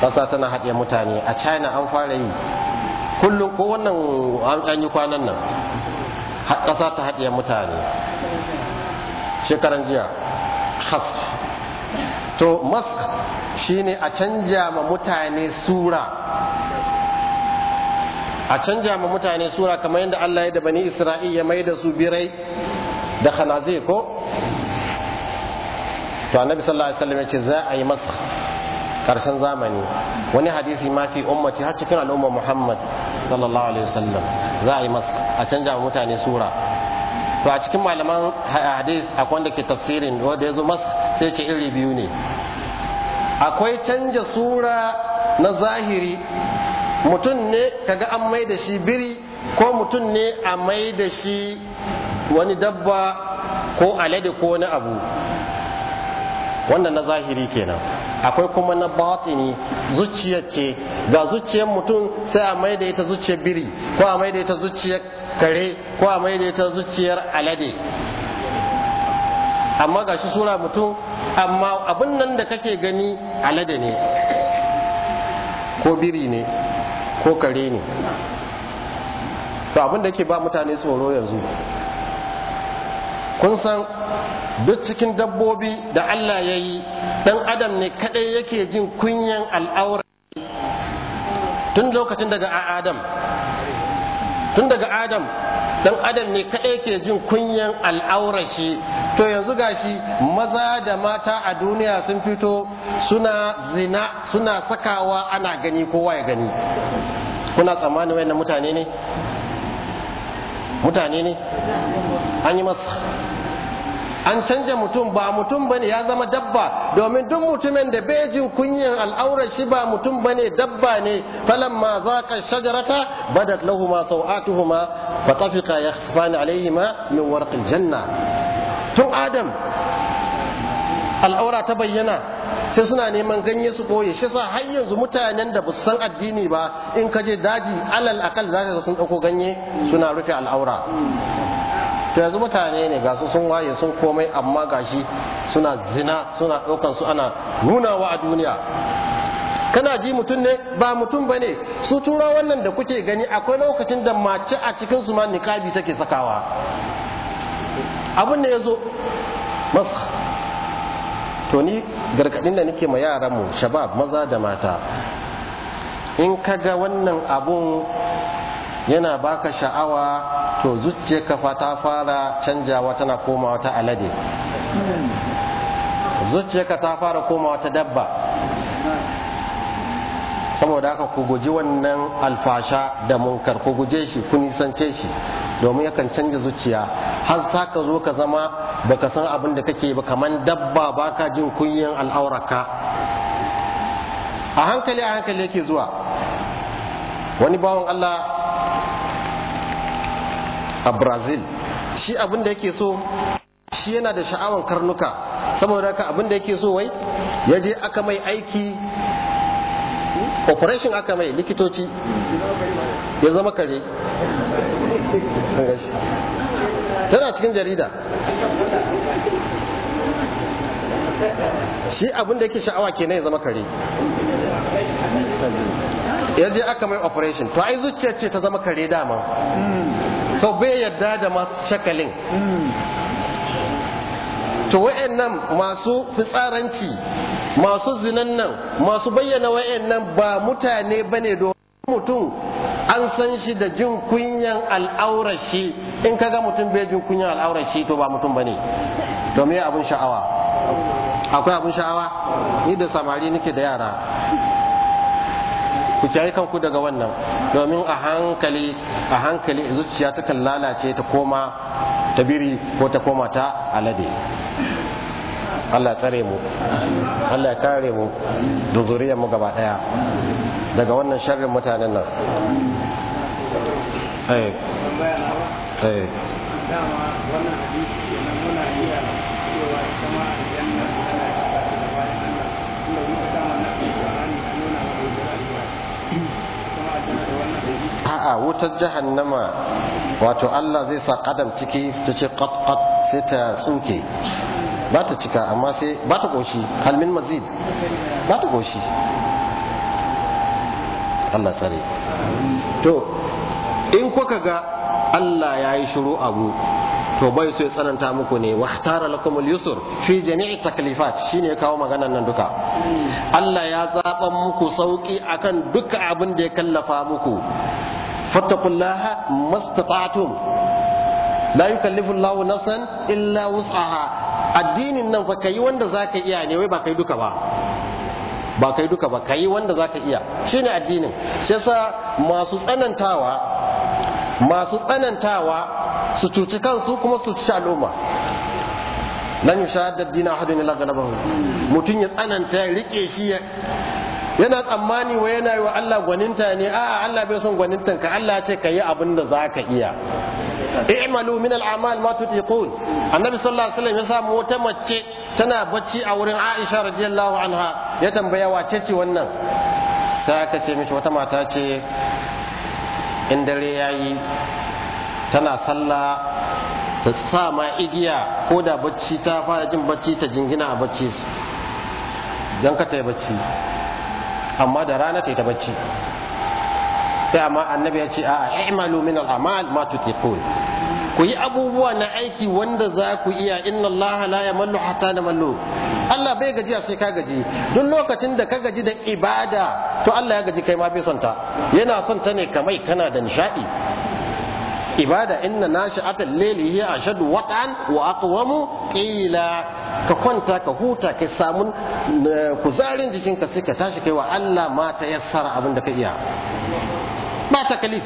ƙasa tana haɗe mutane a china an fara yi kullum ko wannan an yi kwanan nan ƙasa ta haɗiya mutane shekaran jiya khas to mask shine a canja ma mutane sura a canja ma mutane sura kamar yadda Allah ya da bani Isra'il ya mai da su birai da khanazir ko to annabi sallallahu alaihi wasallam ya ce za a yi masa karshen zamani wani hadisi ma fi ummati har cikin al'ummar Muhammad sallallahu alaihi wasallam za a yi masa a canja mutane sura to a cikin malaman hadith akwai wanda ke tafsirin wanda ya zo masa sai ce iri biyu ne akwai canja sura na zahiri mutum ne kaga an mai da shi biri ko mutum ne a mai da shi wani dabba ko alade ko wani abu wannan na zahiri kenan akwai kuma na batini zuciyar ce ga zuciyar mutum sai a maida ita zuciyar biri ko a maida ita zuciyar kare ko a maida ita zuciyar alade amma ga shi sura mutum amma abin nan da kake gani alade ne ko biri ne ko kare ne to abin da ke ba mutane tsoro yanzu kun san duk cikin dabbobi da Allah ya yi ɗan adam ne kaɗai yake jin kunyan al'aura tun lokacin daga adam tun daga adam ɗan adam ne kaɗai ke jin kunyan al'aurashi to yanzu gashi maza da mata a duniya sun fito suna zina suna sakawa ana gani kowa ya gani kuna tsammanin wayan mutane ne mutane ne an yi masa an canja mutum ba mutum bane ya zama dabba domin duk mutumin da bejin jin kunyan al'aurar shi ba mutum bane dabba ne ma za ka shajarata badat lahuma sau'atuhuma fa ya yakhsfani alaihima min warqil janna tun adam al'aura ta bayyana sai suna neman ganye su koye shi sa har yanzu mutanen da basu san addini ba in ka je daji alal akal zaka ga sun dauko ganye suna rufe al'aura to yanzu mutane ne ga su sun waye sun komai amma gashi suna zina suna ɗaukan su ana nunawa a duniya kana ji mutum ne ba mutum ba ne su tura wannan da kuke gani akwai lokacin da mace a cikin su ma niƙabi take sakawa abin da ya zo masu to ni gargaɗin da nake ma yaran mu shabab maza da mata in ka ga wannan abun yana baka sha'awa to zuciyarka kafa ta fara canjawa tana komawa ta alade zuciyarka ta fara komawa ta dabba saboda haka ku guji wannan alfasha da munkar ku guje shi ku nisance shi domin yakan canja zuciya har sa ka zo ka zama baka san abin da kake ba kamar dabba ba ka jin kunyan al'auraka a hankali a hankali yake zuwa wani bawan Allah a brazil shi abin da yake so shi yana da sha'awan karnuka saboda haka abin da yake so wai ya je aka mai aiki operation aka mai likitoci ya zama kare tana cikin jarida shi abin da yake sha'awa ke ya zama kare ya je aka mai operation to ai zuciya ce ta zama kare dama so bai yadda da masu shakalin to nan masu fitsaranci masu zinan nan masu bayyana nan ba mutane ba ne domin mutum an san shi da jin kunyan al'aurashi in kaga mutum bai jin kunyan al'aurashi to ba mutum bane ne domin abun sha'awa akwai abun sha'awa ni da samari nake da yara ku kiyaye kanku daga wannan domin a hankali a hankali zuciya ta kan lalace ta koma ta biri ko ta koma ta alade Allah tsare mu Allah ya kare mu da zuriyar mu gaba daya daga wannan sharrin mutanen nan eh eh a wutar jahannama wato Allah zai sa kadam ciki ta ce qat sai ta tsuke ba ta cika amma sai ba ta goshi halmin mazid ba ta goshi Allah tsare to in kuka ga Allah ya yi shiru abu to bai so ya tsananta muku ne wa tara lakum yusur fi jami'i taklifat shine ya kawo maganan nan duka Allah ya zaban muku sauki akan duka abin da ya kallafa muku fattaqullaha mastata'tum la yukallifu Allahu nafsan illa wus'aha addinin nan fa kai wanda zaka iya ne wai ba kai duka ba ba kai duka ba kai wanda zaka iya shine addinin sai sa masu tsanantawa masu tsanantawa su cuci kansu kuma su cuci al'umma lan yushadda dina ahadun illa galabahu mutun ya tsananta ya rike shi yana tsammani wa yana yi wa Allah gwaninta ne a Allah bai son gwanintan ka Allah ce ka yi abin da za ka iya i'malu min al'amal ma tutiqun annabi sallallahu alaihi wasallam ya samu wata mace tana bacci a wurin Aisha radiyallahu anha ya tambaya wa ce wannan sai aka ce mishi wata mata ce in dare yayi tana sallah ta sa ma igiya ko da bacci ta fara jin bacci ta jingina a bacci don ka ta yi bacci amma da rana ta yi ta bacci sai amma annabi ya ce a i'malu min al-amal ma tutiqun ku yi abubuwa na aiki wanda za ku iya inna Allah la yamallu hatta mallu. Allah bai gajiya sai ka gaji duk lokacin da ka gaji da ibada to Allah ya gaji kai ma bai son ta yana son ta ne kamai kana da nishadi ibada inna nashi'atal layli hiya ashadu wat'an wa aqwamu qila ka kwanta ka huta ka samu eh, kuzarin ka sai ka tashi kai wa Allah ma ta yassara abin da ka iya ba takalif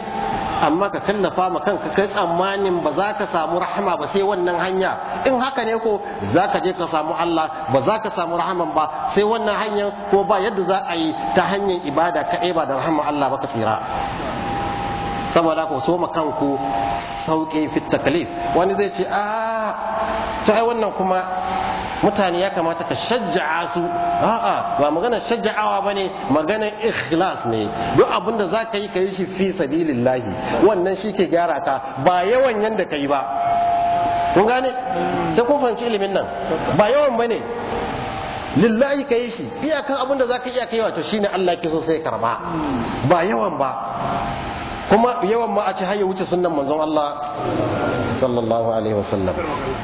amma ka kallafa ma kanka kai tsammanin ba za ka samu rahama ba sai wannan hanya in haka ne ko za ka je ka samu Allah ba za ka samu rahaman ba sai wannan hanyar ko ba yadda za a yi ta hanyar ibada kaɗai ba da rahama Allah ba ka tsira saboda ku so kanku sauƙi fit takalif wani zai ce a ta ai wannan kuma mutane ya kamata ka shajja'a su a'a ba magana shajja'awa bane magana ikhlas ne duk abin da zaka yi ka yi shi fi sabilillahi wannan shi ke gyara ka ba yawan yanda kai ba kun gane sai kun fahimci ilimin nan ba yawan bane lillahi ka yi shi iyakan abin da zaka iya kaiwa to shine Allah ke so sai karba ba yawan ba kuma yawan ma a ci ya wuce sunnan manzon Allah sallallahu alaihi wasallam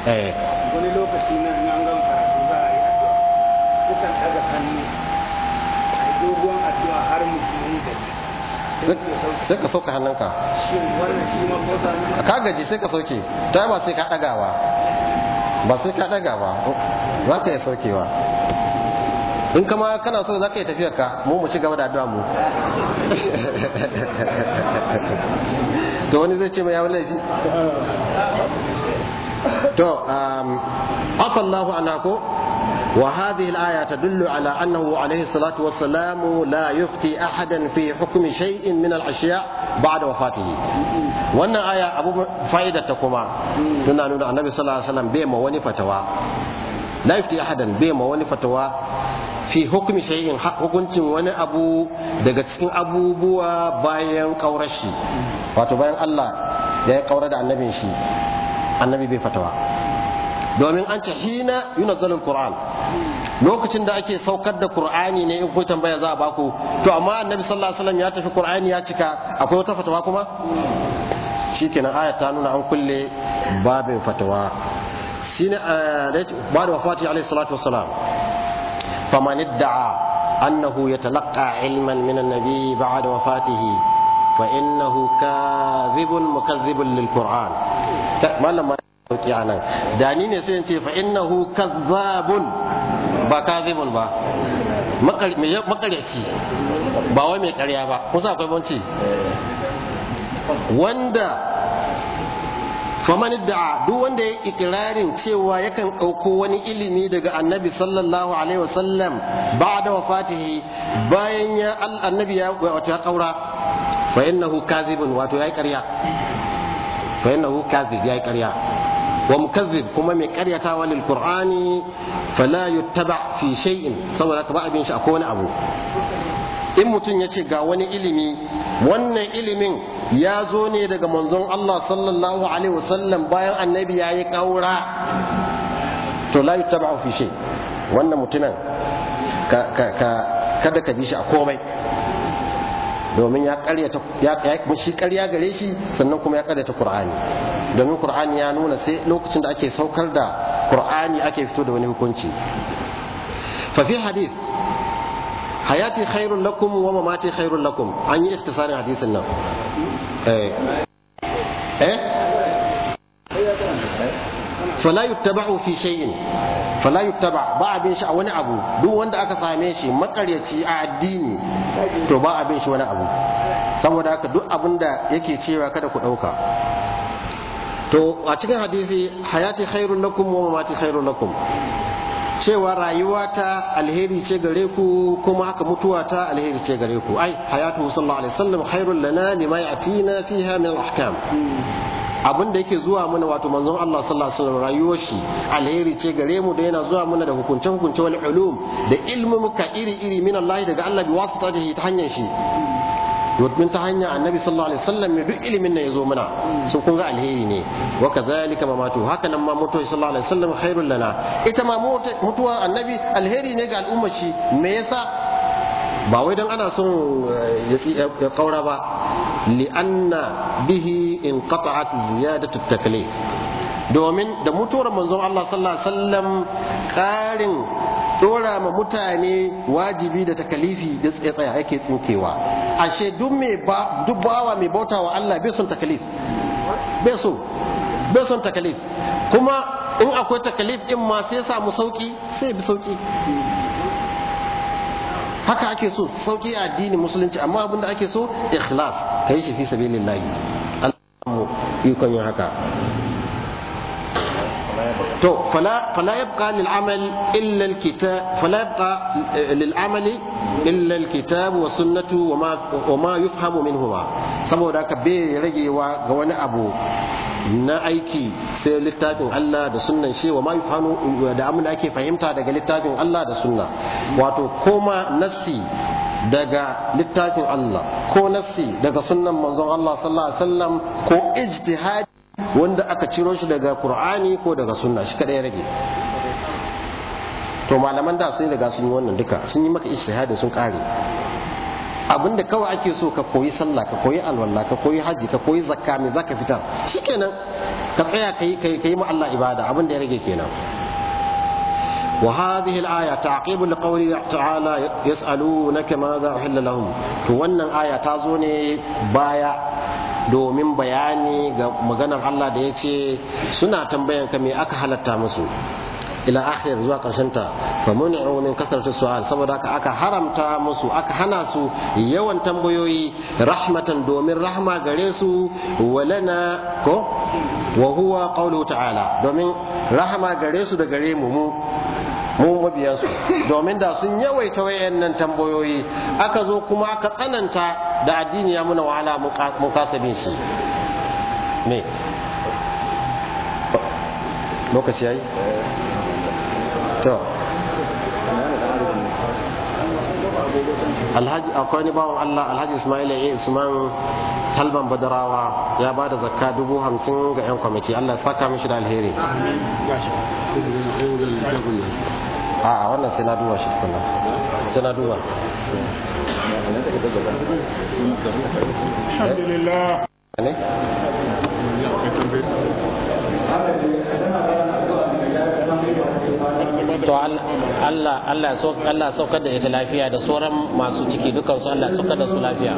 eh wani lokaci na sai ka sauka hannunka ka gaji sai ka sauke ta ba sai ka daga ba ba sai ka daga ba za ka sauke saukewa in kama kana so za ka yi tafiyar ka mu mu ci gaba da addu'a mu to wani zai ce mai yawon laifi to um, afallahu anako وهذه الآية تدل على أنه عليه الصلاة والسلام لا يفتي أحدا في حكم شيء من الأشياء بعد وفاته wannan aya أبو fa'idar ta kuma tana nuna صلى الله عليه وسلم bai ma wani fatawa la yufti ahadan bai ma wani fatawa fi hukmi hukuncin wani abu daga cikin abubuwa bayan kaurar shi wato bayan Allah ya kaura da annabin shi annabi bai fatawa domin an ce hina zalin qur'an lokacin da ake saukar da qur'ani ne in ku tambaya za a baku to amma annabi sallallahu alaihi wasallam ya tafi qur'ani ya cika akwai wata fatawa kuma shikenan aya ta nuna an kulle babin fatawa shine ba eh, da wafati alaihi salatu wassalam faman idda'a annahu yatalaqqa ilman min annabi ba'da wafatihi fa innahu kadhibun mukaththibun lil qur'an malama sauki a nan da ni ne sai in ce fa innahu kazzabun ba kazibun ba makaryaci ba wai mai karya ba kusa akwai banci wanda faman da'a duk wanda ya ikirarin cewa yakan ɗauko wani ilimi daga annabi sallallahu alaihi wasallam ba da fatihi, bayan ya annabi ya wato ya kaura fa innahu kazibun wato ya karya fa innahu kazib ya karya wa mukazzib kuma mai karyatawa lil qur'ani fala yuttaba fi shay'in saboda ka ba abin shi akwai wani abu in mutum ya ce ga wani ilimi wannan ilimin ya zo ne daga manzon Allah sallallahu alaihi wasallam bayan annabi ya yi ƙaura to la yuttaba fi shay wannan mutumin kada ka bi shi a komai domin ya ƙaryata ya shi ƙarya gare shi sannan kuma ya ƙaryata Qur'ani domin ƙur'ani ya nuna sai lokacin da ake saukar da ƙur'ani ake fito da wani hukunci Fafi hadith hayati khairun lakum wa mamati khairun lakum an yi iftisarin hadisin nan eh eh fala yuttaba'u fi shay'in fala yuttaba ba abin shi a wani abu duk wanda aka same shi makaryaci a addini to ba abin shi wani abu saboda haka duk abin da yake cewa kada ku dauka to a cikin hadisi hayati khairun lakum wa mamati khairun lakum cewa rayuwa ta alheri ce gare ku kuma haka mutuwa ta alheri ce gare ku ai hayatu sallallahu alaihi wasallam khairul lana lima yatina fiha min al-ahkam abin da yake zuwa mana wato manzon Allah sallallahu alaihi wasallam rayuwar shi alheri ce gare mu da yana zuwa mana da hukunce hukunce wal ulum da muka iri iri min Allah daga Allah bi wasitatihi ta hanyar shi domin ta hanya annabi sallallahu alaihi wasallam ne duk ilimin nan yazo mana sun kun ga alheri ne wa kadhalika mamatu haka nan ma mutuwa sallallahu alaihi wasallam khairul lana ita ma mutuwa annabi alheri ne ga al'umma shi me yasa ba wai dan ana son eh, ya kaura ba anna bihi in qata'at ziyadatu taklif domin da mutuwar manzon Allah sallallahu alaihi wasallam karin dora ma mutane wajibi da takalifi da tsaya yake tsinkewa ashe duk mai duk bawa mai bauta wa Allah bai son takalif bai so bai son takalif kuma in akwai takalif din ma sai samu sauki sai bi sauki haka ake so sauki a addinin musulunci amma abin da ake so ikhlas kai shi fi sabilillah Allah mu ikon yin haka To تو فلا فلا يبقى للعمل الا الكتاب فلا يبقى wa sunnatu wa ma وما وما min منهما saboda ka be ragewa ga wani abu na aiki sai littafin Allah da sunnan shi wa ma yufhamu da amma da ake fahimta daga littafin Allah da sunna wato koma nassi daga littafin Allah ko nassi daga sunnan manzon Allah sallallahu alaihi wasallam ko ijtihadi wanda aka ciro shi daga qur'ani ko daga sunna shi kadai ya rage to malaman da sun daga sun yi wannan duka sun yi maka ijtihadin sun kare abinda kawai ake so ka koyi sallah ka koyi alwala ka koyi haji ka koyi zakka me zaka fitar shikenan ka tsaya kai kai kai ma Allah ibada abinda ya rage kenan وهذه الآية تعقيب لقوله تعالى يسألونك ماذا أحل لهم تو wannan aya ta zo ne baya domin bayani ga maganar Allah da ya ce suna tambayan ka me aka halatta musu ila akhir zuwa ƙarshen ta fa mun'u min kasarta su'al saboda haka aka haramta musu aka hana su yawan tambayoyi rahmatan domin rahma gare su walana ko wa huwa qawlu ta'ala domin rahma gare su da gare mu mu mu mabiyansu domin da sun yawaita nan tambayoyi aka zo kuma aka tsananta da addini ya muna wahala mu kasa bin shi me lokaci yayi to alhaji akwai ni bawan Allah alhaji Ismail ya Usman talban badarawa ya ba da zakka dubu hamsin ga 'yan kwamiti Allah ya saka mishi da alheri a wannan sai na duba shi tukuna sai na duba eh? to Allah Allah Allah saukar da ita lafiya da sauran masu ciki dukan su Allah saukar da su lafiya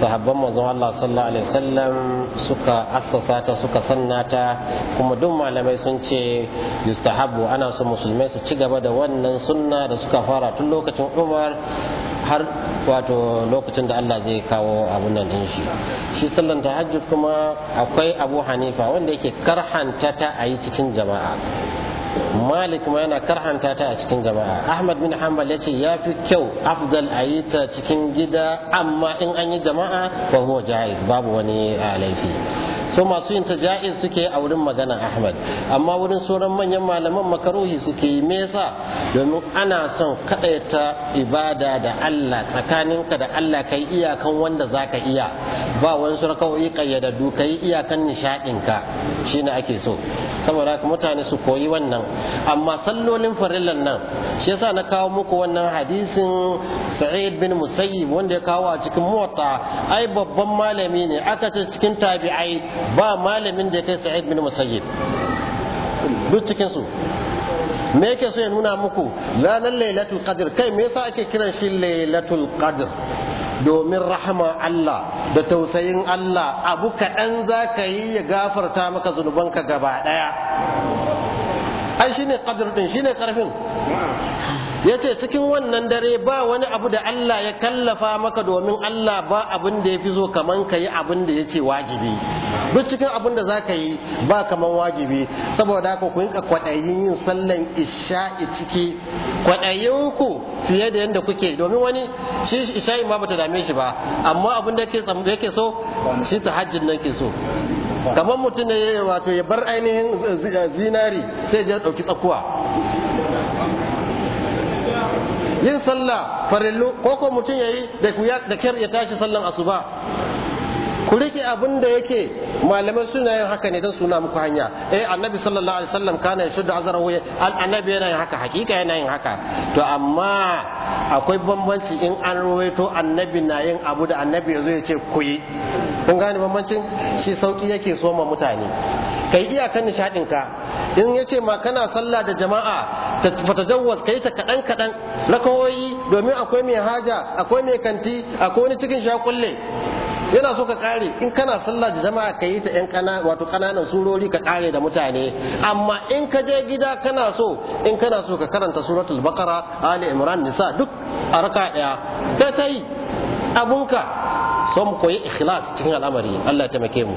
sahabban manzon Allah sallallahu alaihi wasallam suka assasa ta suka sanna ta kuma duk malamai sun ce yustahabu ana so musulmai su ci gaba da wannan sunna da suka fara tun lokacin Umar har wato lokacin da Allah zai kawo abun nan din shi shi sallan tahajjud kuma akwai Abu Hanifa wanda yake karhanta ta a yi cikin jama'a malik ma yana karhanta ta a cikin jama'a ahmad bin hanbal ya ce ya fi kyau afdal a yi ta cikin gida amma in an yi jama'a ba huwa jaiz babu wani alaifi. so masu yin Ja'iz suke a wurin magana ahmad amma wurin sauran manyan malaman makaruhi suke yi me yasa domin ana son kaɗaita ibada da Allah tsakaninka da Allah kai iyakan wanda za ka iya ba wasu raka'o'i kayyadaddu ka yi iyakan nishaɗinka shi shine ake so saboda haka mutane su koyi wannan amma sallolin farillan nan shi yasa na kawo muku wannan hadisin sa'id bin musayyib wanda ya kawo a cikin mota ai babban malami ne aka ce cikin tabi'ai ba malamin da ya kai sa'id bin musayyib duk cikinsu me yake so ya nuna muku ranar lailatul qadr kai me yasa ake kiran shi lailatul qadr domin rahama Allah da tausayin Allah abu kaɗan za ka yi ya gafarta maka zunubanka gaba ɗaya ai ne ƙadir ɗin shine ƙarfin ya ce cikin wannan dare ba wani abu da Allah ya kallafa maka domin Allah ba abin da ya fi so kaman ka yi abin da ya ce wajibi duk cikin abin da za ka yi ba kaman wajibi saboda haka ku yinka kwaɗayin yin sallan isha'i ciki kwaɗayin ku fiye da yadda kuke domin wani shi isha'i ma bata dame shi ba amma abin da yake so shi ta hajjin nan ke so kamar mutum ne wato ya bar ainihin zinari sai ya ɗauki tsakuwa yin sallah farillu ko ko mutum yayi da kuya da kyar ya tashi sallan asuba ku rike abin da yake malamai suna yin haka ne don suna muku hanya eh annabi sallallahu alaihi wasallam kana yashud da al annabi yana yin haka hakika yana yin haka to amma akwai bambanci in an rawaito annabi na yin abu da annabi yazo ya ce ku yi kun gane bambancin shi sauki yake so ma mutane kai iyakan nishadin ka in yace ma kana sallah da jama'a fatajawwaz kai ta kadan kadan rakawoyi domin akwai mai haja akwai mai kanti akwai wani cikin shakulle yana so ka kare in kana sallah jama'a ka yi ta yan kana wato kananan surori ka kare da mutane amma in ka je gida kana so in kana so ka karanta suratul baqara ali imran nisa duk a raka daya ka ta abunka so mu koyi ikhlas cikin al'amari Allah ya taimake mu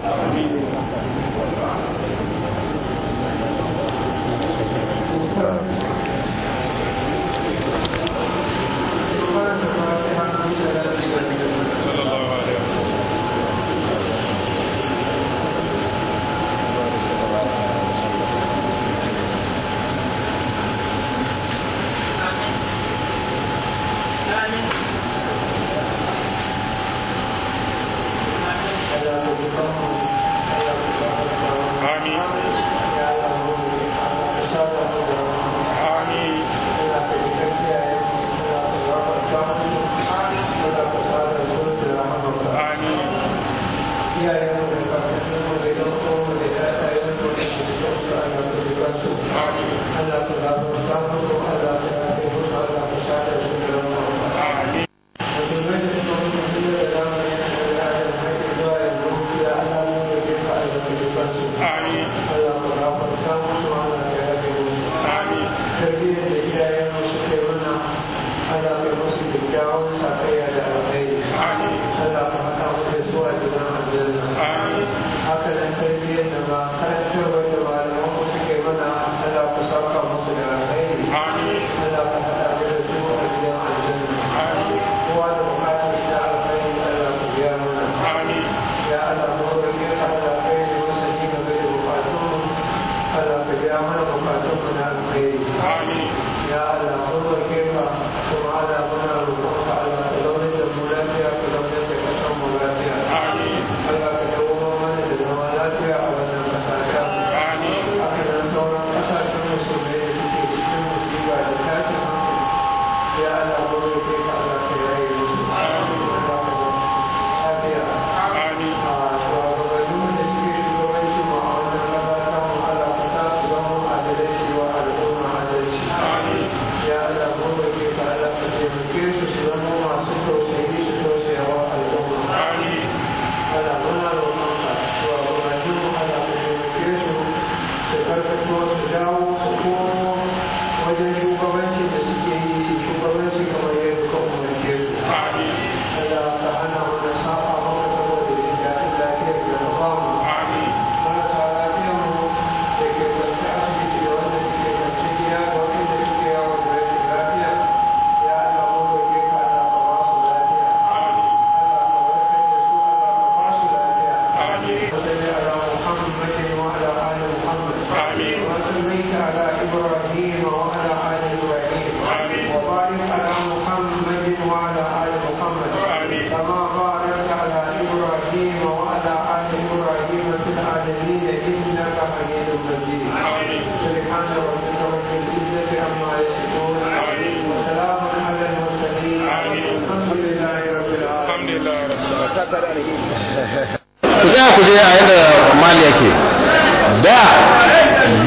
ya ya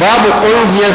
babu ƙungiyar